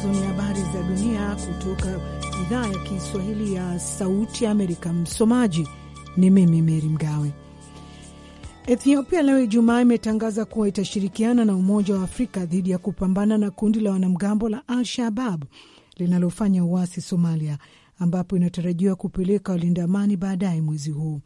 zifuatazo ni habari za dunia kutoka idhaa ya Kiswahili ya Sauti Amerika. Msomaji ni mimi Meri Mgawe. Ethiopia leo Ijumaa imetangaza kuwa itashirikiana na Umoja wa Afrika dhidi ya kupambana na kundi la wanamgambo la Al Shabab linalofanya uasi Somalia, ambapo inatarajiwa kupeleka walinda amani baadaye mwezi huu.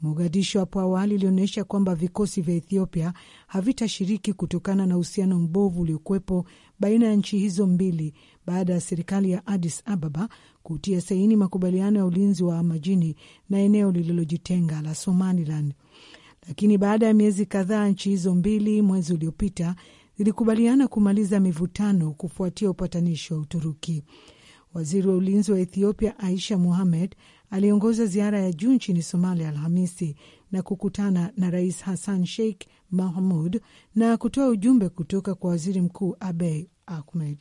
Mogadisho hapo awali ilionyesha kwamba vikosi vya Ethiopia havitashiriki kutokana na uhusiano mbovu uliokuwepo baina ya nchi hizo mbili baada ya serikali ya Addis Ababa kutia saini makubaliano ya ulinzi wa majini na eneo lililojitenga la Somaliland. Lakini baada ya miezi kadhaa, nchi hizo mbili mwezi uliopita zilikubaliana kumaliza mivutano kufuatia upatanishi wa Uturuki. Waziri wa ulinzi wa Ethiopia Aisha muhammed aliongoza ziara ya juu nchini Somalia Alhamisi na kukutana na Rais Hassan Sheikh Mahmud na kutoa ujumbe kutoka kwa waziri mkuu Abei Ahmed.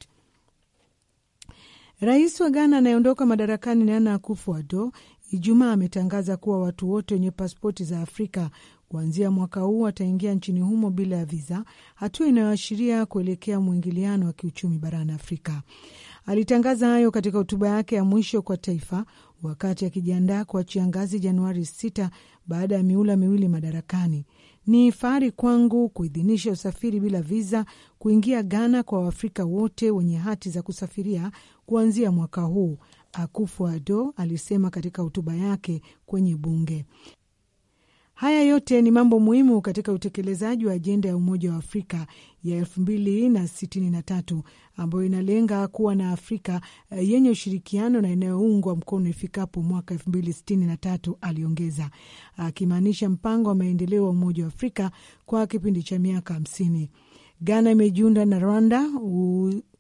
Rais wa Ghana anayeondoka madarakani Nana Akufo-Addo Ijumaa ametangaza kuwa watu wote wenye pasipoti za Afrika kuanzia mwaka huu wataingia nchini humo bila ya viza, hatua inayoashiria kuelekea mwingiliano wa kiuchumi barani Afrika. Alitangaza hayo katika hotuba yake ya mwisho kwa taifa wakati akijiandaa kuachia ngazi Januari 6 baada ya miula miwili madarakani. Ni fahari kwangu kuidhinisha usafiri bila viza kuingia Ghana kwa Waafrika wote wenye hati za kusafiria kuanzia mwaka huu, Akufo-Addo alisema katika hotuba yake kwenye bunge. Haya yote ni mambo muhimu katika utekelezaji wa ajenda ya Umoja wa Afrika ya elfu mbili na sitini na tatu ambayo inalenga kuwa na Afrika eh, yenye ushirikiano na inayoungwa mkono ifikapo mwaka elfu mbili sitini na tatu, aliongeza akimaanisha mpango wa maendeleo wa Umoja wa Afrika kwa kipindi cha miaka hamsini. Ghana imejiunda na Rwanda,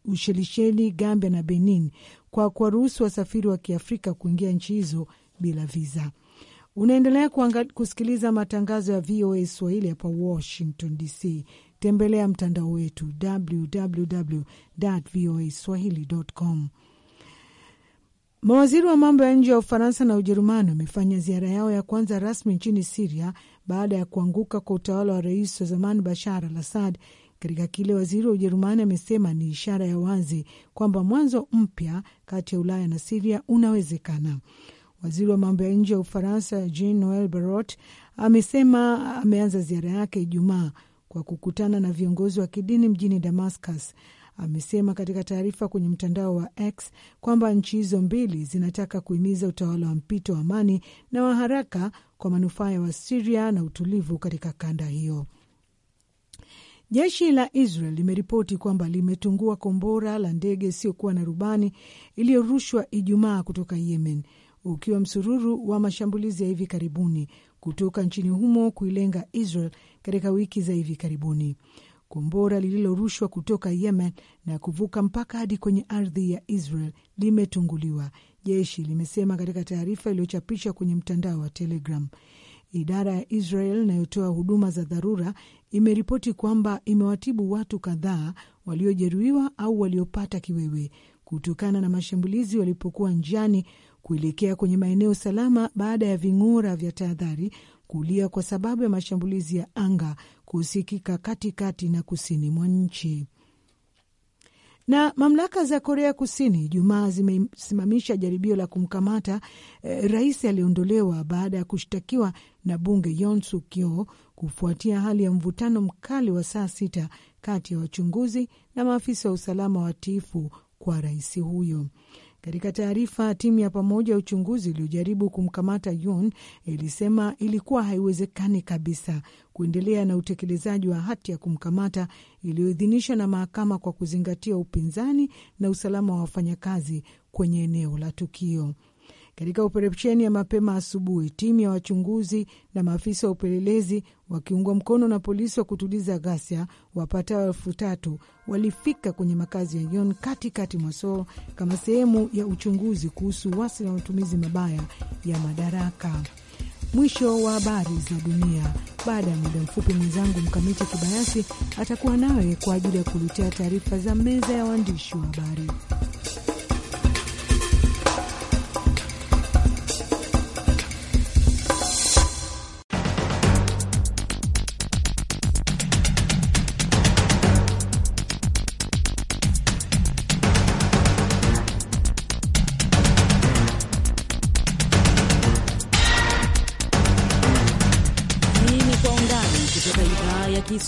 Ushelisheli, Gambia na Benin kwa kuwaruhusu wasafiri wa Kiafrika kuingia nchi hizo bila viza. Unaendelea kusikiliza matangazo ya VOA Swahili hapa Washington DC. Tembelea mtandao wetu www voa swahili.com. Mawaziri wa mambo ya nje ya Ufaransa na Ujerumani wamefanya ziara yao ya kwanza rasmi nchini Siria baada ya kuanguka kwa utawala wa rais wa zamani Bashar al Assad, katika kile waziri wa Ujerumani amesema ni ishara ya wazi kwamba mwanzo mpya kati ya Ulaya na Siria unawezekana. Waziri wa mambo ya nje ya Ufaransa Jean Noel Barrot amesema ameanza ziara yake Ijumaa kwa kukutana na viongozi wa kidini mjini Damascus. Amesema katika taarifa kwenye mtandao wa X kwamba nchi hizo mbili zinataka kuhimiza utawala wa mpito wa amani na wa haraka kwa manufaa ya Wasiria na utulivu katika kanda hiyo. Jeshi la Israel limeripoti kwamba limetungua kombora la ndege isiyokuwa na rubani iliyorushwa Ijumaa kutoka Yemen ukiwa msururu wa mashambulizi ya hivi karibuni kutoka nchini humo kuilenga Israel katika wiki za hivi karibuni. Kombora lililorushwa kutoka Yemen na kuvuka mpaka hadi kwenye ardhi ya Israel limetunguliwa, jeshi limesema katika taarifa iliyochapishwa kwenye mtandao wa Telegram. Idara ya Israel inayotoa huduma za dharura imeripoti kwamba imewatibu watu kadhaa waliojeruhiwa au waliopata kiwewe kutokana na mashambulizi walipokuwa njiani kuelekea kwenye maeneo salama baada ya ving'ora vya tahadhari kulia kwa sababu ya mashambulizi ya anga kusikika katikati na kusini mwa nchi. Na mamlaka za Korea Kusini Jumaa zimesimamisha jaribio la kumkamata eh, rais aliyeondolewa baada ya kushtakiwa na bunge Yoon Suk Yeol kufuatia hali ya mvutano mkali wa saa sita kati ya wachunguzi na maafisa wa usalama watiifu kwa rais huyo. Katika taarifa, timu ya pamoja ya uchunguzi iliyojaribu kumkamata Yun ilisema ilikuwa haiwezekani kabisa kuendelea na utekelezaji wa hati ya kumkamata iliyoidhinishwa na mahakama kwa kuzingatia upinzani na usalama wa wafanyakazi kwenye eneo la tukio. Katika operesheni ya mapema asubuhi, timu ya wachunguzi na maafisa wa upelelezi wakiungwa mkono na polisi wa kutuliza ghasia wapatao elfu tatu walifika kwenye makazi ya Yon katikati mwa Seoul kama sehemu ya uchunguzi kuhusu wasi na matumizi mabaya ya madaraka. Mwisho wa habari za dunia. Baada ya muda mfupi, mwenzangu Mkamiti Kibayasi atakuwa nawe kwa ajili ya kuletea taarifa za meza ya waandishi wa habari.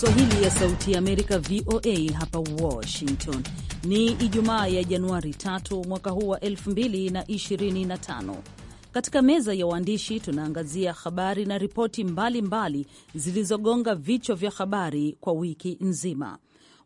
Kiswahili ya Sauti ya Amerika, VOA hapa Washington. Ni Ijumaa ya Januari 3 mwaka huu wa 2025. Katika meza ya waandishi tunaangazia habari na ripoti mbalimbali zilizogonga vichwa vya habari kwa wiki nzima.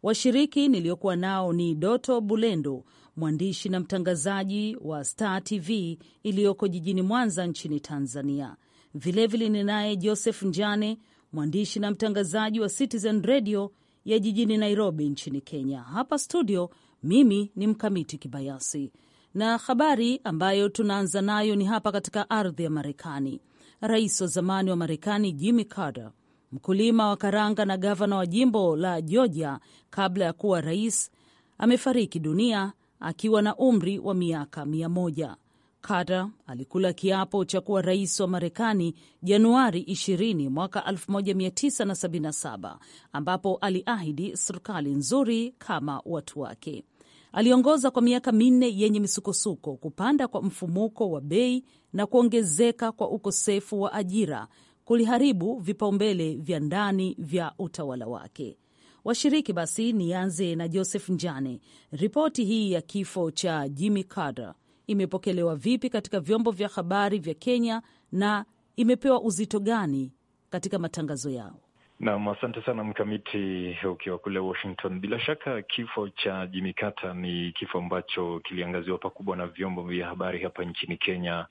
Washiriki niliyokuwa nao ni Doto Bulendo, mwandishi na mtangazaji wa Star TV iliyoko jijini Mwanza nchini Tanzania. Vilevile ninaye Joseph Njane, mwandishi na mtangazaji wa Citizen Radio ya jijini Nairobi nchini Kenya. Hapa studio, mimi ni Mkamiti Kibayasi, na habari ambayo tunaanza nayo ni hapa katika ardhi ya Marekani. Rais wa zamani wa Marekani Jimmy Carter, mkulima wa karanga na gavana wa jimbo la Georgia kabla ya kuwa rais, amefariki dunia akiwa na umri wa miaka mia moja. Carter alikula kiapo cha kuwa rais wa Marekani Januari 20 mwaka 1977 ambapo aliahidi serikali nzuri kama watu wake. Aliongoza kwa miaka minne yenye misukosuko, kupanda kwa mfumuko wa bei na kuongezeka kwa ukosefu wa ajira kuliharibu vipaumbele vya ndani vya utawala wake. Washiriki, basi nianze na Joseph Njane. Ripoti hii ya kifo cha Jimmy Carter imepokelewa vipi katika vyombo vya habari vya Kenya na imepewa uzito gani katika matangazo yao? Nam, asante sana Mkamiti, ukiwa kule Washington. Bila shaka kifo cha Jimmy Carter ni kifo ambacho kiliangaziwa pakubwa na vyombo vya habari hapa nchini Kenya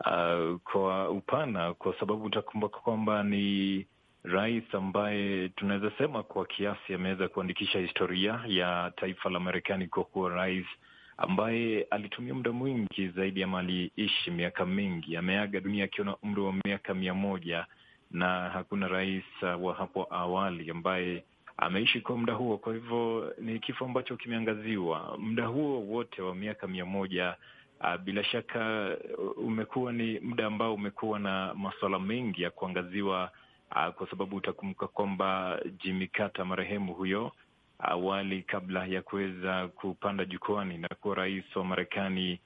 uh, kwa upana, kwa sababu utakumbuka kwamba ni rais ambaye tunaweza sema kwa kiasi ameweza kuandikisha historia ya taifa la Marekani kwa kuwa rais ambaye alitumia muda mwingi zaidi ama aliishi miaka mingi. Ameaga dunia akiwa na umri wa miaka mia moja na hakuna rais uh, wa hapo awali ambaye ameishi kwa muda huo. Kwa hivyo ni kifo ambacho kimeangaziwa. Muda huo wote wa miaka mia moja uh, bila shaka uh, umekuwa ni muda ambao umekuwa na masuala mengi ya kuangaziwa, kwa sababu utakumbuka kwamba Jimmy Carter marehemu huyo awali kabla ya kuweza kupanda jukwani na kuwa rais wa Marekani.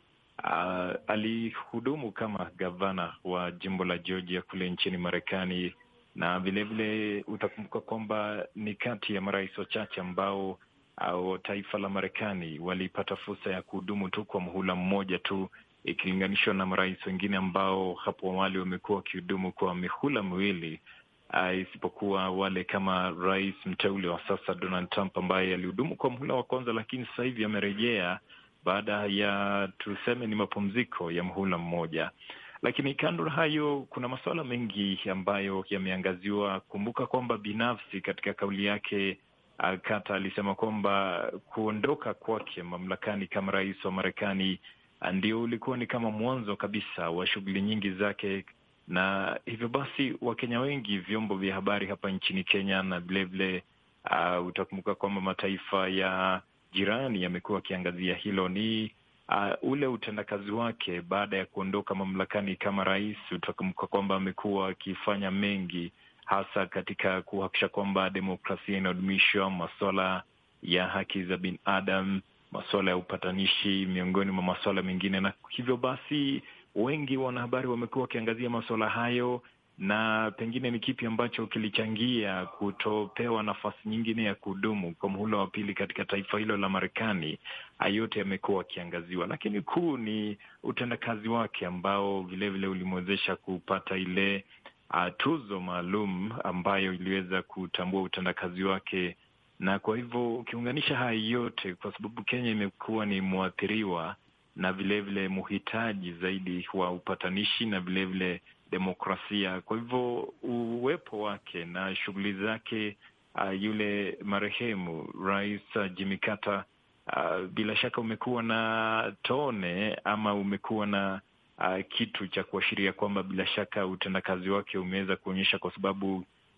Uh, alihudumu kama gavana wa jimbo la Georgia kule nchini Marekani, na vilevile utakumbuka kwamba ni kati ya marais wachache ambao au uh, taifa la Marekani walipata fursa ya kuhudumu tu kwa muhula mmoja tu ikilinganishwa na marais wengine ambao hapo awali wamekuwa wakihudumu kwa mihula miwili uh, isipokuwa wale kama rais mteule wa sasa Donald Trump ambaye alihudumu kwa mhula wa kwanza, lakini sasa hivi amerejea baada ya tuseme ni mapumziko ya mhula mmoja. Lakini kando na hayo, kuna masuala mengi ambayo yameangaziwa. Kumbuka kwamba binafsi katika kauli yake Kata ah, alisema kwamba kuondoka kwake mamlakani kama rais wa Marekani ah, ndio ulikuwa ni kama mwanzo kabisa wa shughuli nyingi zake na hivyo basi Wakenya wengi, vyombo vya habari hapa nchini Kenya na vilevile uh, utakumbuka kwamba mataifa ya jirani yamekuwa akiangazia hilo ni uh, ule utendakazi wake baada ya kuondoka mamlakani kama rais. Utakumbuka kwamba amekuwa akifanya mengi, hasa katika kuhakikisha kwamba demokrasia inadumishwa, maswala ya haki za binadamu, maswala ya upatanishi, miongoni mwa maswala mengine, na hivyo basi wengi wa wanahabari wamekuwa wakiangazia masuala hayo, na pengine ni kipi ambacho kilichangia kutopewa nafasi nyingine ya kudumu kwa muhula wa pili katika taifa hilo la Marekani? Ayote yamekuwa akiangaziwa, lakini kuu ni utendakazi wake ambao vilevile ulimwezesha kupata ile uh, tuzo maalum ambayo iliweza kutambua utendakazi wake, na kwa hivyo ukiunganisha haya yote, kwa sababu Kenya imekuwa ni mwathiriwa na vilevile muhitaji zaidi wa upatanishi na vilevile demokrasia. Kwa hivyo uwepo wake na shughuli zake uh, yule marehemu Rais uh, Jimmy Carter uh, bila shaka umekuwa na tone ama umekuwa na uh, kitu cha kuashiria kwamba bila shaka utendakazi wake umeweza kuonyesha, kwa sababu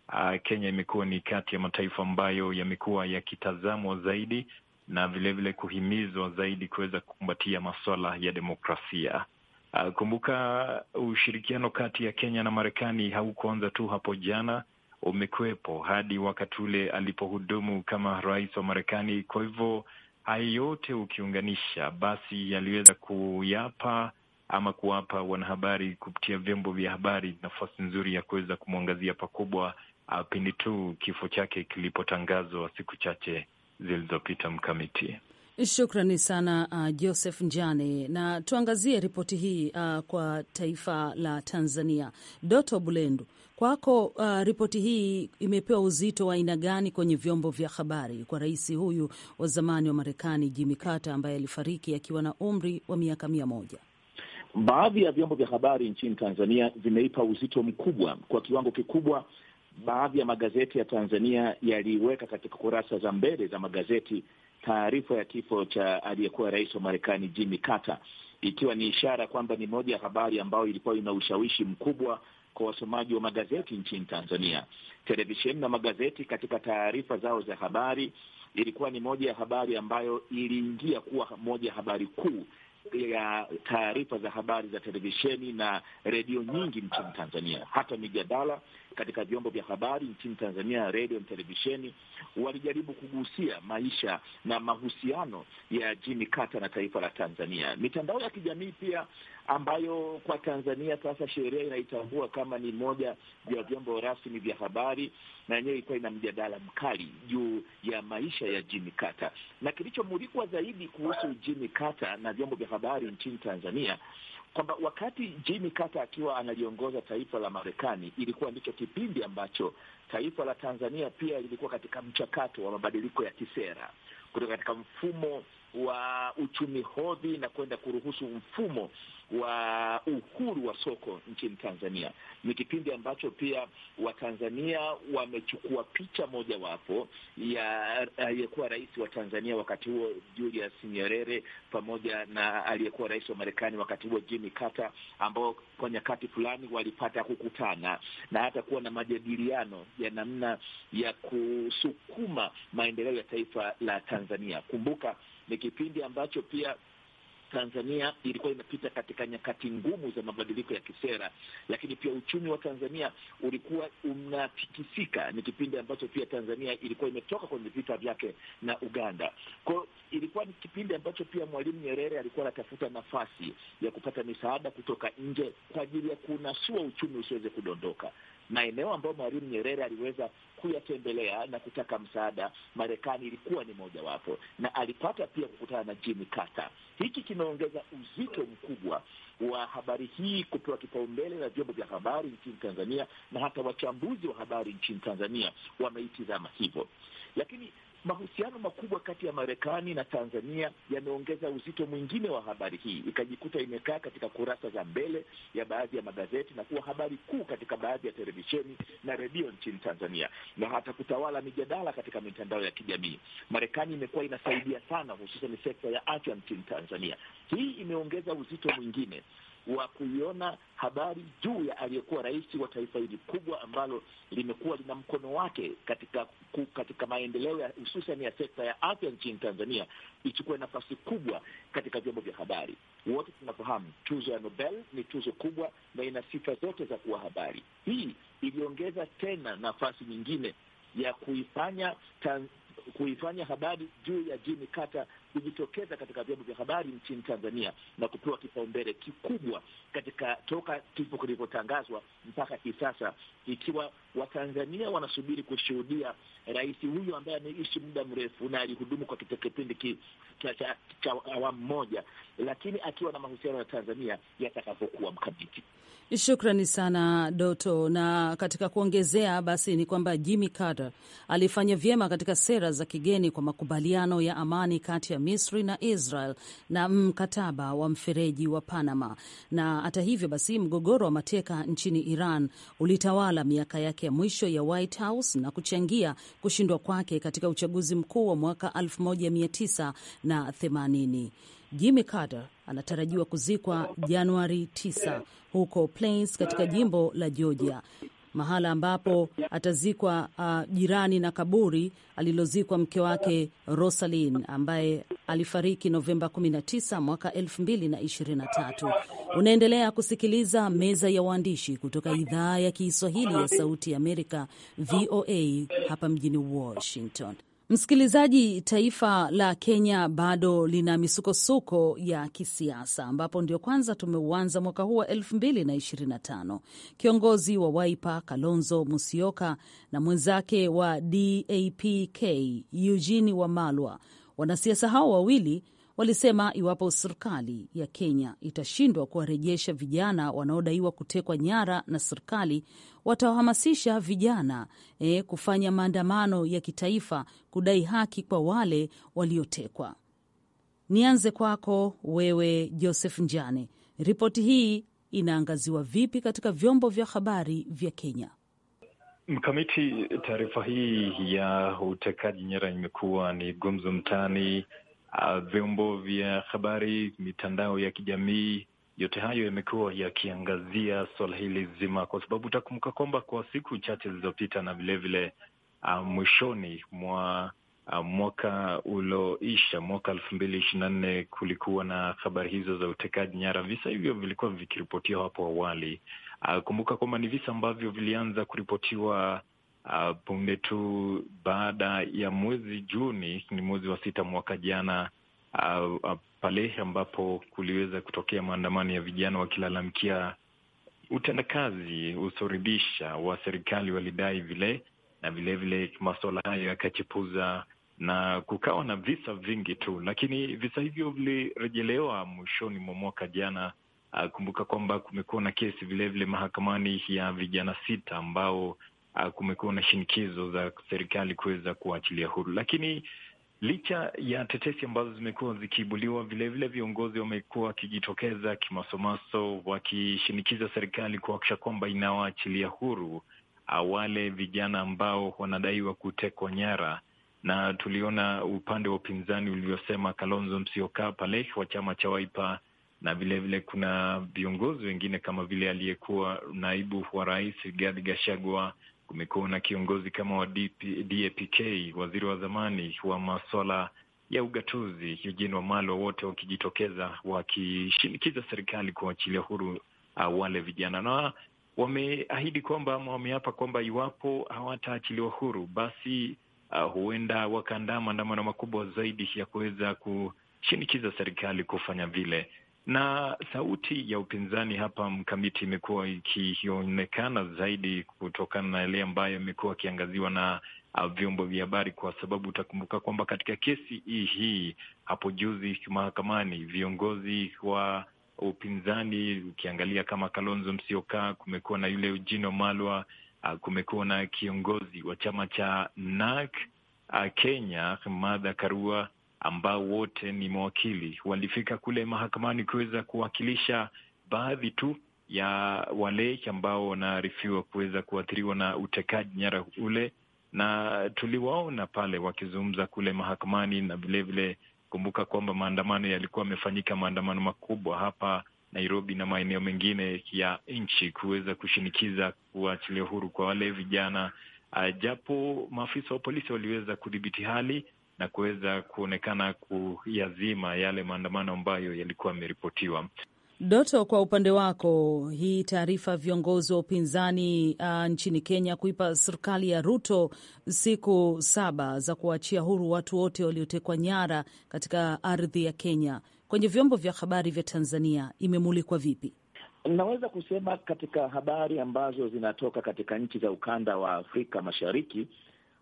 uh, Kenya imekuwa ni kati ya mataifa ambayo yamekuwa yakitazamwa zaidi na vilevile vile kuhimizwa zaidi kuweza kukumbatia maswala ya demokrasia. Uh, kumbuka ushirikiano kati ya Kenya na Marekani haukuanza tu hapo jana, umekuwepo hadi wakati ule alipohudumu kama rais wa Marekani. Kwa hivyo haya yote ukiunganisha, basi yaliweza kuyapa ama kuwapa wanahabari kupitia vyombo vya habari nafasi nzuri ya kuweza kumwangazia pakubwa ah, pindi tu kifo chake kilipotangazwa siku chache zilizopita mkamiti. Shukrani sana uh, Joseph Njane, na tuangazie ripoti hii uh, kwa taifa la Tanzania. Doto Bulendu, kwako uh, ripoti hii imepewa uzito wa aina gani kwenye vyombo vya habari kwa rais huyu wa zamani wa Marekani Jimmy Carter ambaye alifariki akiwa na umri wa miaka mia moja? Baadhi ya vyombo vya habari nchini Tanzania vimeipa uzito mkubwa kwa kiwango kikubwa baadhi ya magazeti ya Tanzania yaliweka katika kurasa za mbele za magazeti taarifa ya kifo cha aliyekuwa rais wa Marekani Jimmy Carter, ikiwa ni ishara kwamba ni moja ya habari ambayo ilikuwa ina ushawishi mkubwa kwa wasomaji wa magazeti nchini Tanzania. Televisheni na magazeti katika taarifa zao za habari ilikuwa ni moja ya habari ambayo iliingia kuwa moja ya habari kuu ya taarifa za habari za televisheni na redio nyingi nchini Tanzania. Hata mijadala katika vyombo vya habari nchini Tanzania, redio na televisheni, walijaribu kugusia maisha na mahusiano ya Jimmy Carter na taifa la Tanzania. Mitandao ya kijamii pia ambayo kwa Tanzania sasa sheria inaitambua kama ni moja ya vyombo rasmi vya habari, na yenyewe ilikuwa ina mjadala mkali juu ya maisha ya Jimmy Carter, na kilichomulikwa zaidi kuhusu Jimmy Carter na vyombo vya habari nchini Tanzania kwamba wakati Jimmy Carter akiwa analiongoza taifa la Marekani, ilikuwa ndicho kipindi ambacho taifa la Tanzania pia lilikuwa katika mchakato wa mabadiliko ya kisera kutoka katika mfumo wa uchumi hodhi na kwenda kuruhusu mfumo wa uhuru wa soko nchini Tanzania. Ni kipindi ambacho pia Watanzania wamechukua picha mojawapo ya aliyekuwa rais wa Tanzania wakati huo Julius Nyerere pamoja na aliyekuwa rais wa Marekani wakati huo Jimmy Carter, ambao kwa nyakati fulani walipata kukutana na hata kuwa na majadiliano ya namna ya kusukuma maendeleo ya taifa la Tanzania. Kumbuka ni kipindi ambacho pia Tanzania ilikuwa inapita katika nyakati ngumu za mabadiliko ya kisera, lakini pia uchumi wa Tanzania ulikuwa unatikisika. Ni kipindi ambacho pia Tanzania ilikuwa imetoka kwenye vita vyake na Uganda. Kwa hiyo ilikuwa ni kipindi ambacho pia Mwalimu Nyerere alikuwa anatafuta nafasi ya kupata misaada kutoka nje kwa ajili ya kunasua uchumi usiweze kudondoka, maeneo ambayo Mwalimu Nyerere aliweza kuyatembelea na kutaka msaada, Marekani ilikuwa ni mojawapo, na alipata pia kukutana na Jimmy Carter. Hiki kimeongeza uzito mkubwa wa habari hii kupewa kipaumbele na vyombo vya habari nchini Tanzania, na hata wachambuzi wa habari nchini Tanzania wameitizama hivyo, lakini mahusiano makubwa kati ya Marekani na Tanzania yameongeza uzito mwingine wa habari hii, ikajikuta imekaa katika kurasa za mbele ya baadhi ya magazeti na kuwa habari kuu katika baadhi ya televisheni na redio nchini Tanzania na hata kutawala mijadala katika mitandao ya kijamii. Marekani imekuwa inasaidia sana, hususan sekta ya afya nchini Tanzania. Hii imeongeza uzito mwingine wa kuiona habari juu ya aliyekuwa rais wa taifa hili kubwa ambalo limekuwa lina mkono wake katika ku, katika maendeleo hususan ya sekta ya afya nchini Tanzania ichukue nafasi kubwa katika vyombo vya habari. Wote tunafahamu tuzo ya Nobel ni tuzo kubwa na ina sifa zote za kuwa habari. Hii iliongeza tena nafasi nyingine ya kuifanya kuifanya habari juu ya Jimmy Carter kujitokeza katika vyombo vya habari nchini Tanzania na kupewa kipaumbele kikubwa katika toka kifo kilivyotangazwa mpaka hivi sasa, ikiwa Watanzania wanasubiri kushuhudia rais huyu ambaye ameishi muda mrefu na alihudumu kwa kipindi cha awamu moja, lakini akiwa na mahusiano ya Tanzania yatakapokuwa mkabiti. Shukrani sana Doto. Na katika kuongezea basi ni kwamba Jimmy Carter alifanya vyema katika sera za kigeni kwa makubaliano ya amani kati ya ya Misri na Israel na mkataba wa mfereji wa Panama. Na hata hivyo basi, mgogoro wa mateka nchini Iran ulitawala miaka yake ya mwisho ya White House na kuchangia kushindwa kwake katika uchaguzi mkuu wa mwaka 1980. Jimmy Carter anatarajiwa kuzikwa Januari 9 huko Plains katika jimbo la Georgia mahala ambapo atazikwa uh, jirani na kaburi alilozikwa mke wake Rosalin ambaye alifariki Novemba 19 mwaka 2023. Unaendelea kusikiliza Meza ya Waandishi kutoka idhaa ya Kiswahili ya Sauti ya Amerika, VOA hapa mjini Washington. Msikilizaji, taifa la Kenya bado lina misukosuko ya kisiasa, ambapo ndio kwanza tumeuanza mwaka huu wa 2025. Kiongozi wa Waipa Kalonzo Musyoka na mwenzake wa DAPK Eugene Wamalwa, wanasiasa hao wawili walisema iwapo serikali ya Kenya itashindwa kuwarejesha vijana wanaodaiwa kutekwa nyara na serikali, watawahamasisha vijana eh, kufanya maandamano ya kitaifa kudai haki kwa wale waliotekwa. Nianze kwako wewe Joseph Njane, ripoti hii inaangaziwa vipi katika vyombo vya habari vya Kenya? Mkamiti, taarifa hii ya utekaji nyara imekuwa ni gumzo mtaani, ah, vyombo vya habari, mitandao ya kijamii yote hayo yamekuwa yakiangazia swala hili zima, kwa sababu utakumbuka kwamba kwa siku chache zilizopita na vilevile uh, ah, mwishoni mwa uh, mwaka ulioisha, mwaka elfu mbili ishirini na nne, kulikuwa na habari hizo za utekaji nyara. Visa hivyo vilikuwa vikiripotiwa hapo awali. Uh, kumbuka kwamba ni visa ambavyo vilianza kuripotiwa uh, punde tu baada ya mwezi Juni, ni mwezi wa sita mwaka jana. Uh, pale ambapo kuliweza kutokea maandamano ya vijana wakilalamikia utendakazi usioridhisha wa serikali, walidai vile na vilevile masuala hayo yakachipuza na kukawa na visa vingi tu, lakini visa hivyo vilirejelewa mwishoni mwa mwaka jana. Ah, kumbuka kwamba kumekuwa na kesi vilevile vile mahakamani ya vijana sita ambao ah, kumekuwa na shinikizo za serikali kuweza kuachilia huru, lakini Licha ya tetesi ambazo zimekuwa zikiibuliwa, vilevile viongozi wamekuwa wakijitokeza kimasomaso, wakishinikiza serikali kuhakikisha kwamba inawaachilia huru ah, wale vijana ambao wanadaiwa kutekwa nyara, na tuliona upande wa upinzani uliosema Kalonzo Musyoka pale wa chama cha waipa na vilevile kuna viongozi wengine kama vile aliyekuwa naibu wa rais Rigathi Gachagua kumekuwa na kiongozi kama wa DP, DAPK waziri wa zamani wa maswala ya ugatuzi Eugene Wamalwa, wote wakijitokeza wakishinikiza serikali kuachilia huru uh, wale vijana na wameahidi kwamba ama wameapa kwamba iwapo hawataachiliwa huru basi uh, huenda wakaandaa maandamano makubwa zaidi ya kuweza kushinikiza serikali kufanya vile na sauti ya upinzani hapa mkamiti imekuwa ikionekana zaidi kutokana na yale ambayo imekuwa akiangaziwa na uh, vyombo vya habari, kwa sababu utakumbuka kwamba katika kesi hii hii hapo juzi mahakamani viongozi wa upinzani ukiangalia kama Kalonzo Musyoka, kumekuwa na yule ujino Malwa, uh, kumekuwa na kiongozi wa chama cha nak uh, Kenya Martha Karua ambao wote ni mawakili walifika kule mahakamani kuweza kuwakilisha baadhi tu ya wale ambao wanaarifiwa kuweza kuathiriwa na utekaji nyara ule, na tuliwaona pale wakizungumza kule mahakamani, na vilevile kumbuka kwamba maandamano yalikuwa yamefanyika, maandamano makubwa hapa Nairobi na maeneo mengine ya nchi kuweza kushinikiza kuachilia huru kwa wale vijana. japo maafisa wa polisi waliweza kudhibiti hali na kuweza kuonekana kuyazima yale maandamano ambayo yalikuwa yameripotiwa. Doto, kwa upande wako, hii taarifa ya viongozi wa upinzani uh, nchini Kenya kuipa serikali ya Ruto siku saba za kuwachia huru watu wote waliotekwa nyara katika ardhi ya Kenya kwenye vyombo vya habari vya Tanzania imemulikwa vipi? Naweza kusema katika habari ambazo zinatoka katika nchi za ukanda wa Afrika Mashariki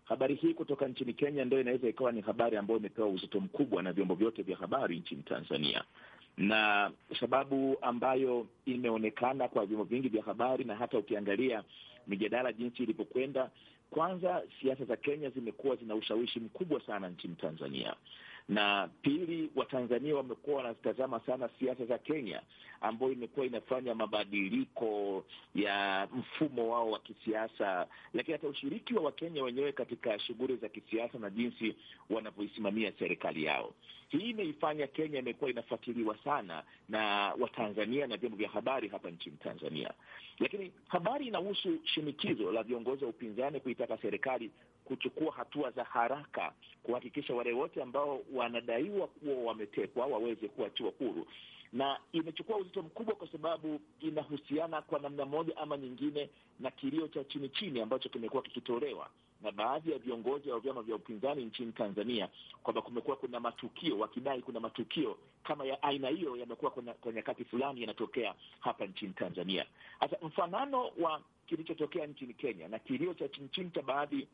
Habari hii kutoka nchini Kenya ndio inaweza ikawa ni habari ambayo imepewa uzito mkubwa na vyombo vyote vya habari nchini Tanzania, na sababu ambayo imeonekana kwa vyombo vingi vya habari na hata ukiangalia mijadala jinsi ilivyokwenda, kwanza, siasa za Kenya zimekuwa zina ushawishi mkubwa sana nchini Tanzania, na pili, Watanzania wamekuwa wanazitazama sana siasa za Kenya ambayo imekuwa inafanya mabadiliko ya mfumo wao wa kisiasa, lakini hata ushiriki wa Wakenya wenyewe katika shughuli za kisiasa na jinsi wanavyoisimamia serikali yao. Hii imeifanya Kenya imekuwa inafuatiliwa sana na Watanzania na vyombo vya habari hapa nchini Tanzania, lakini habari inahusu shinikizo la viongozi wa upinzani kuitaka serikali kuchukua hatua za haraka kuhakikisha wale wote ambao wanadaiwa kuwa wametekwa waweze kuachiwa huru na imechukua uzito mkubwa kwa sababu inahusiana kwa namna moja ama nyingine na kilio cha chini chini ambacho kimekuwa kikitolewa na baadhi ya viongozi wa vyama vya upinzani nchini Tanzania kwamba kumekuwa kuna matukio, wakidai kuna matukio kama ya aina hiyo yamekuwa kwa nyakati fulani yanatokea hapa nchini Tanzania. Hasa mfanano wa kilichotokea nchini Kenya na kilio cha chini chini cha baadhi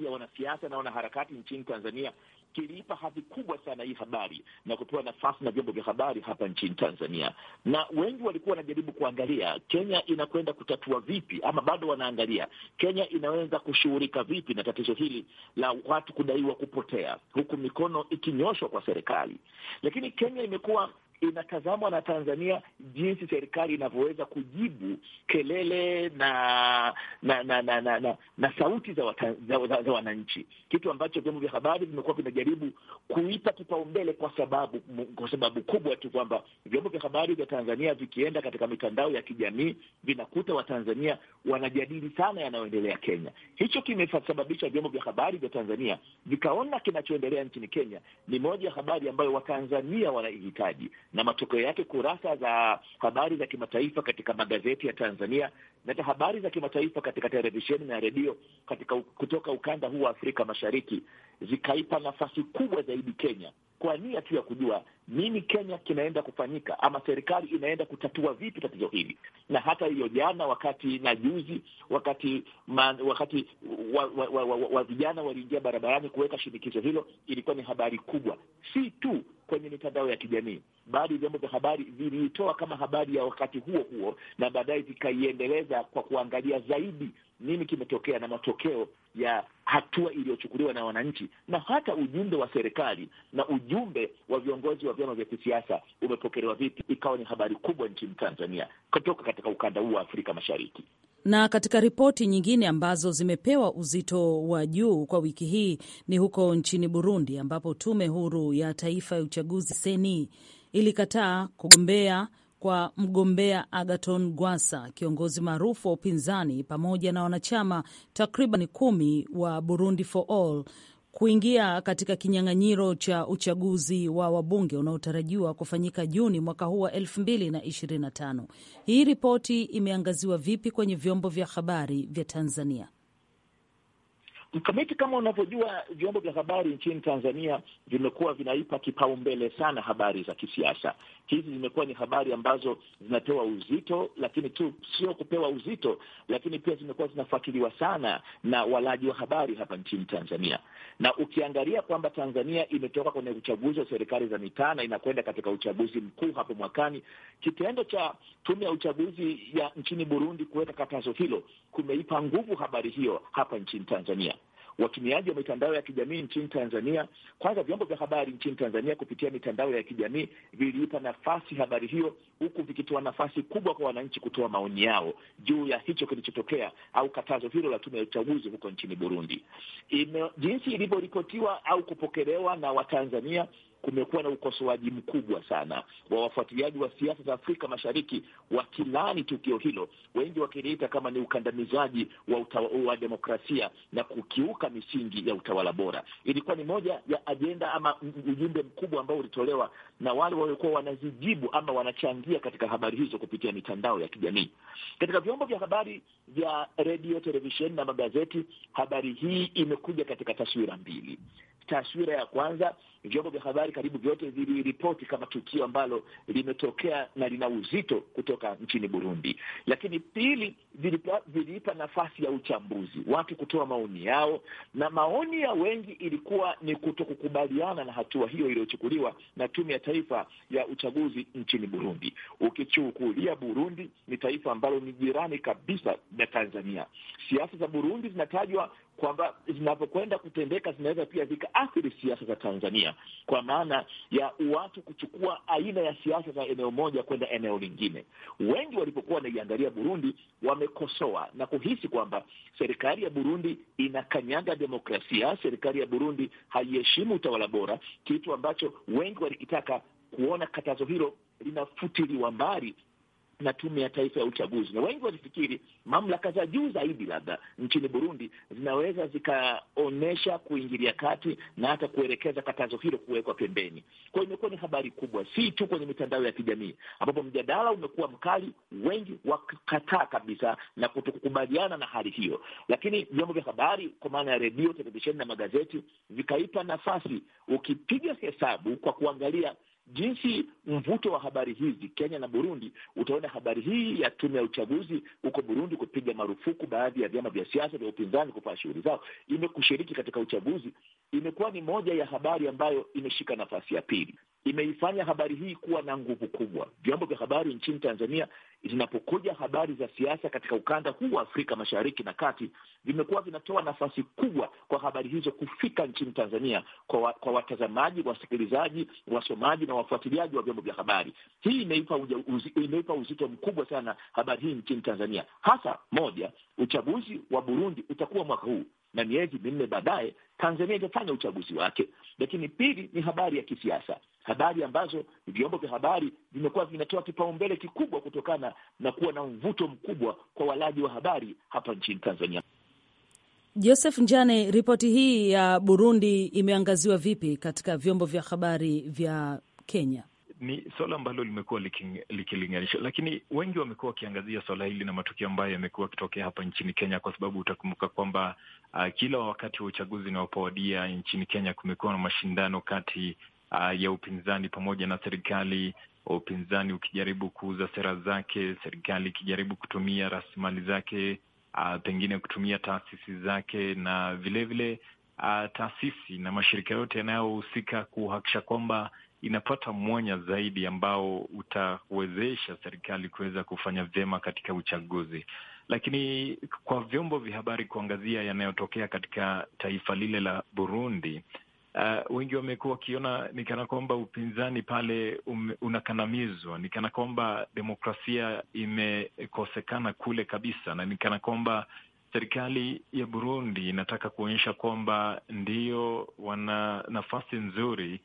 ya wanasiasa na wanaharakati nchini Tanzania kiliipa hadhi kubwa sana hii habari na kupewa nafasi na vyombo vya habari hapa nchini Tanzania, na wengi walikuwa wanajaribu kuangalia Kenya inakwenda kutatua vipi, ama bado wanaangalia Kenya inaweza kushughulika vipi na tatizo hili la watu kudaiwa kupotea, huku mikono ikinyoshwa kwa serikali. Lakini Kenya imekuwa inatazamwa na Tanzania jinsi serikali inavyoweza kujibu kelele na na na na, na, na, na sauti za, wata, za, za, za wananchi, kitu ambacho vyombo vya habari vimekuwa vinajaribu kuipa kipaumbele kwa sababu kwa sababu kubwa tu kwamba vyombo vya habari vya Tanzania vikienda katika mitandao ya kijamii vinakuta Watanzania wanajadili sana yanayoendelea Kenya. Hicho kimesababisha vyombo vya habari vya Tanzania vikaona kinachoendelea nchini Kenya ni moja ya habari ambayo Watanzania wanaihitaji na matokeo yake kurasa za habari za kimataifa katika magazeti ya Tanzania naleta habari za kimataifa katika televisheni na redio katika kutoka ukanda huu wa Afrika Mashariki, zikaipa nafasi kubwa zaidi Kenya kwa nia tu ya kujua nini Kenya kinaenda kufanyika ama serikali inaenda kutatua vipi tatizo hili. Na hata hiyo jana, wakati na juzi, wakati ma, wakati wa, wa, wa, wa, wa vijana waliingia barabarani kuweka shinikizo hilo, ilikuwa ni habari kubwa, si tu kwenye mitandao ya kijamii, bali vyombo vya habari viliitoa kama habari ya wakati huo huo na baadaye vikaiendeleza kwanza kwa kuangalia zaidi nini kimetokea na matokeo ya hatua iliyochukuliwa na wananchi, na hata ujumbe wa serikali na ujumbe wa viongozi wa vyama vya kisiasa umepokelewa vipi, ikawa ni habari kubwa nchini Tanzania kutoka katika ukanda huu wa Afrika Mashariki. Na katika ripoti nyingine ambazo zimepewa uzito wa juu kwa wiki hii ni huko nchini Burundi, ambapo tume huru ya taifa ya uchaguzi seni ilikataa kugombea kwa mgombea agaton Gwasa, kiongozi maarufu wa upinzani, pamoja na wanachama takriban kumi wa Burundi for All kuingia katika kinyang'anyiro cha uchaguzi wa wabunge unaotarajiwa kufanyika Juni mwaka huu wa 2025. Hii ripoti imeangaziwa vipi kwenye vyombo vya habari vya Tanzania? Mkamiti, kama unavyojua, vyombo vya habari nchini Tanzania vimekuwa vinaipa kipaumbele sana habari za kisiasa hizi zimekuwa ni habari ambazo zinapewa uzito, lakini tu sio kupewa uzito, lakini pia zimekuwa zinafuatiliwa sana na walaji wa habari hapa nchini Tanzania. Na ukiangalia kwamba Tanzania imetoka kwenye uchaguzi wa serikali za mitaa na inakwenda katika uchaguzi mkuu hapo mwakani, kitendo cha tume ya uchaguzi ya nchini Burundi kuweka katazo hilo kumeipa nguvu habari hiyo hapa nchini Tanzania watumiaji wa mitandao ya kijamii nchini Tanzania. Kwanza, vyombo vya habari nchini Tanzania kupitia mitandao ya kijamii viliipa nafasi habari hiyo, huku vikitoa nafasi kubwa kwa wananchi kutoa maoni yao juu ya hicho kilichotokea au katazo hilo la tume ya uchaguzi huko nchini Burundi. Ime, jinsi ilivyoripotiwa au kupokelewa na Watanzania kumekuwa na ukosoaji mkubwa sana wa wafuatiliaji wa siasa za Afrika Mashariki wakilani tukio hilo, wengi wakiliita kama ni ukandamizaji wa, utawa, wa demokrasia na kukiuka misingi ya utawala bora. Ilikuwa ni moja ya ajenda ama ujumbe mkubwa ambao ulitolewa na wale waliokuwa wanazijibu ama wanachangia katika habari hizo kupitia mitandao ya kijamii. Katika vyombo vya habari vya redio, televisheni na magazeti, habari hii imekuja katika taswira mbili taswira ya kwanza, vyombo vya habari karibu vyote viliripoti kama tukio ambalo limetokea na lina uzito kutoka nchini Burundi. Lakini pili, viliipa nafasi ya uchambuzi, watu kutoa maoni yao, na maoni ya wengi ilikuwa ni kutokukubaliana na hatua hiyo iliyochukuliwa na Tume ya Taifa ya Uchaguzi nchini Burundi. Ukichukulia Burundi ni taifa ambalo ni jirani kabisa na Tanzania, siasa za Burundi zinatajwa kwamba zinavyokwenda kutendeka zinaweza pia zikaathiri siasa za Tanzania kwa maana ya watu kuchukua aina ya siasa za eneo moja kwenda eneo lingine. Wengi walipokuwa wanaiangalia Burundi wamekosoa na kuhisi kwamba serikali ya Burundi inakanyaga demokrasia, serikali ya Burundi haiheshimu utawala bora, kitu ambacho wengi walikitaka kuona katazo hilo linafutiliwa mbali na Tume ya Taifa ya Uchaguzi, na wengi walifikiri mamlaka za juu zaidi labda nchini Burundi zinaweza zikaonyesha kuingilia kati na hata kuelekeza katazo hilo kuwekwa pembeni. Kwa hiyo imekuwa ni habari kubwa, si tu kwenye mitandao ya kijamii ambapo mjadala umekuwa mkali, wengi wakkataa kabisa na kutokukubaliana na hali hiyo, lakini vyombo vya habari kwa maana ya redio, televisheni na magazeti vikaipa nafasi, ukipiga hesabu kwa kuangalia jinsi mvuto wa habari hizi Kenya na Burundi, utaona habari hii ya tume ya uchaguzi huko Burundi kupiga marufuku baadhi ya vyama vya siasa vya upinzani kufanya shughuli zao, ime kushiriki katika uchaguzi, imekuwa ni moja ya habari ambayo imeshika nafasi ya pili imeifanya habari hii kuwa na nguvu kubwa. Vyombo vya habari nchini Tanzania zinapokuja habari za siasa katika ukanda huu wa Afrika Mashariki na Kati, vimekuwa vinatoa nafasi kubwa kwa habari hizo kufika nchini Tanzania kwa, wa, kwa watazamaji, wasikilizaji, wasomaji na wafuatiliaji wa vyombo vya habari. Hii imeipa, uzi, imeipa uzito mkubwa sana habari hii nchini Tanzania, hasa moja, uchaguzi wa Burundi utakuwa mwaka huu na miezi minne baadaye Tanzania itafanya uchaguzi wake. Lakini pili ni habari ya kisiasa, habari ambazo vyombo vya habari vimekuwa vinatoa kipaumbele kikubwa kutokana na kuwa na mvuto mkubwa kwa walaji wa habari hapa nchini Tanzania. Joseph Njane, ripoti hii ya Burundi imeangaziwa vipi katika vyombo vya habari vya Kenya? ni suala ambalo limekuwa likilinganishwa lakini wengi wamekuwa wakiangazia swala hili na matukio ambayo yamekuwa akitokea hapa nchini Kenya, kwa sababu utakumbuka kwamba uh, kila wakati wa uchaguzi unaopowadia nchini Kenya kumekuwa na mashindano kati uh, ya upinzani pamoja na serikali, upinzani ukijaribu kuuza sera zake, serikali ikijaribu kutumia rasilimali zake, uh, pengine kutumia taasisi zake na vilevile vile, uh, taasisi na mashirika yote yanayohusika kuhakikisha kwamba inapata mwanya zaidi ambao utawezesha serikali kuweza kufanya vyema katika uchaguzi. Lakini kwa vyombo vya habari kuangazia yanayotokea katika taifa lile la Burundi, uh, wengi wamekuwa wakiona ni kana kwamba upinzani pale um, unakandamizwa, ni kana kwamba demokrasia imekosekana kule kabisa, na ni kana kwamba serikali ya Burundi inataka kuonyesha kwamba ndio wana nafasi nzuri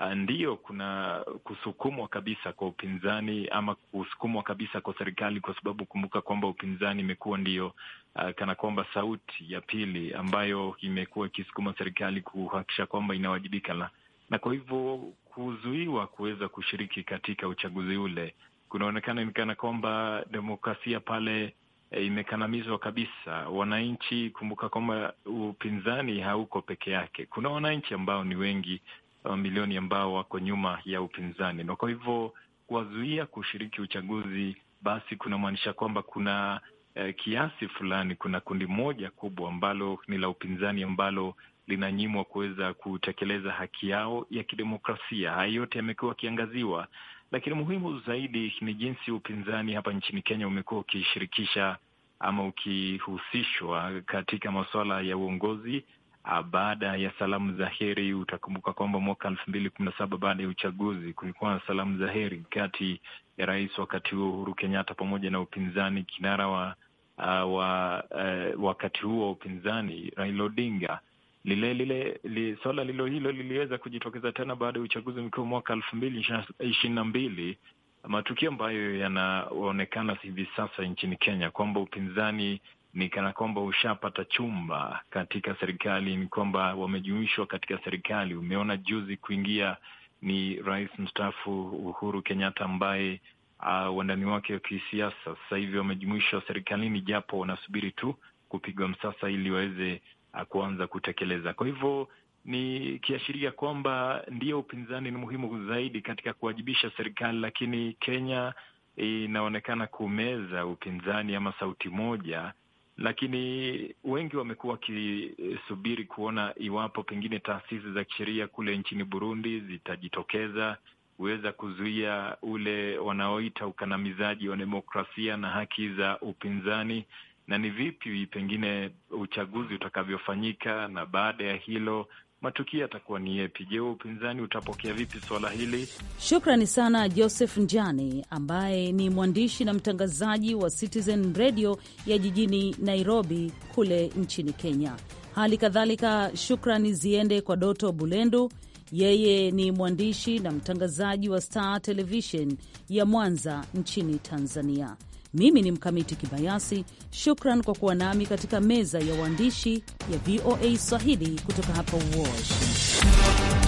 Ah, ndiyo kuna kusukumwa kabisa kwa upinzani ama kusukumwa kabisa kwa serikali, kwa sababu kumbuka kwamba upinzani imekuwa ndiyo uh, ah, kana kwamba sauti ya pili ambayo imekuwa ikisukuma serikali kuhakikisha kwamba inawajibika na, na kwa hivyo kuzuiwa kuweza kushiriki katika uchaguzi ule kunaonekana ni kana kwamba demokrasia pale e, eh, imekandamizwa kabisa. Wananchi, kumbuka kwamba upinzani hauko peke yake, kuna wananchi ambao ni wengi Uh, milioni ambao wako nyuma ya upinzani, na kwa hivyo kuwazuia kushiriki uchaguzi basi kunamaanisha kwamba kuna eh, kiasi fulani, kuna kundi moja kubwa ambalo ni la upinzani ambalo linanyimwa kuweza kutekeleza haki yao ya kidemokrasia. Haya yote yamekuwa akiangaziwa lakini muhimu zaidi ni jinsi upinzani hapa nchini Kenya umekuwa ukishirikisha ama ukihusishwa katika masuala ya uongozi Ah, baada ya salamu za heri, utakumbuka kwamba mwaka elfu mbili kumi na saba baada ya uchaguzi kulikuwa na salamu za heri kati ya rais wakati huo Uhuru Kenyatta pamoja na upinzani kinara wa uh, wa uh, wakati huo wa upinzani Raila Odinga. Lile lile li, swala lilo hilo liliweza kujitokeza tena baada ya uchaguzi mkuu mwaka elfu mbili ishirini na mbili matukio ambayo yanaonekana hivi sasa nchini Kenya kwamba upinzani ni kana kwamba ushapata chumba katika serikali, ni kwamba wamejumuishwa katika serikali. Umeona juzi kuingia ni rais mstaafu Uhuru Kenyatta ambaye uh, wandani wake wa kisiasa sasa hivi wamejumuishwa serikalini, japo wanasubiri tu kupigwa msasa ili waweze uh, kuanza kutekeleza. Kwa hivyo ni kiashiria kwamba ndio upinzani ni muhimu zaidi katika kuwajibisha serikali, lakini Kenya inaonekana kumeza upinzani ama sauti moja lakini wengi wamekuwa wakisubiri kuona iwapo pengine taasisi za kisheria kule nchini Burundi zitajitokeza kuweza kuzuia ule wanaoita ukandamizaji wa demokrasia na haki za upinzani, na ni vipi pengine uchaguzi utakavyofanyika, na baada ya hilo matukio yatakuwa ni yepi? Je, upinzani utapokea vipi swala hili? Shukrani sana Joseph Njani ambaye ni mwandishi na mtangazaji wa Citizen Radio ya jijini Nairobi kule nchini Kenya. Hali kadhalika shukrani ziende kwa Doto Bulendu, yeye ni mwandishi na mtangazaji wa Star Television ya Mwanza nchini Tanzania. Mimi ni Mkamiti Kibayasi. Shukran kwa kuwa nami katika meza ya waandishi ya VOA Swahili kutoka hapa Washington.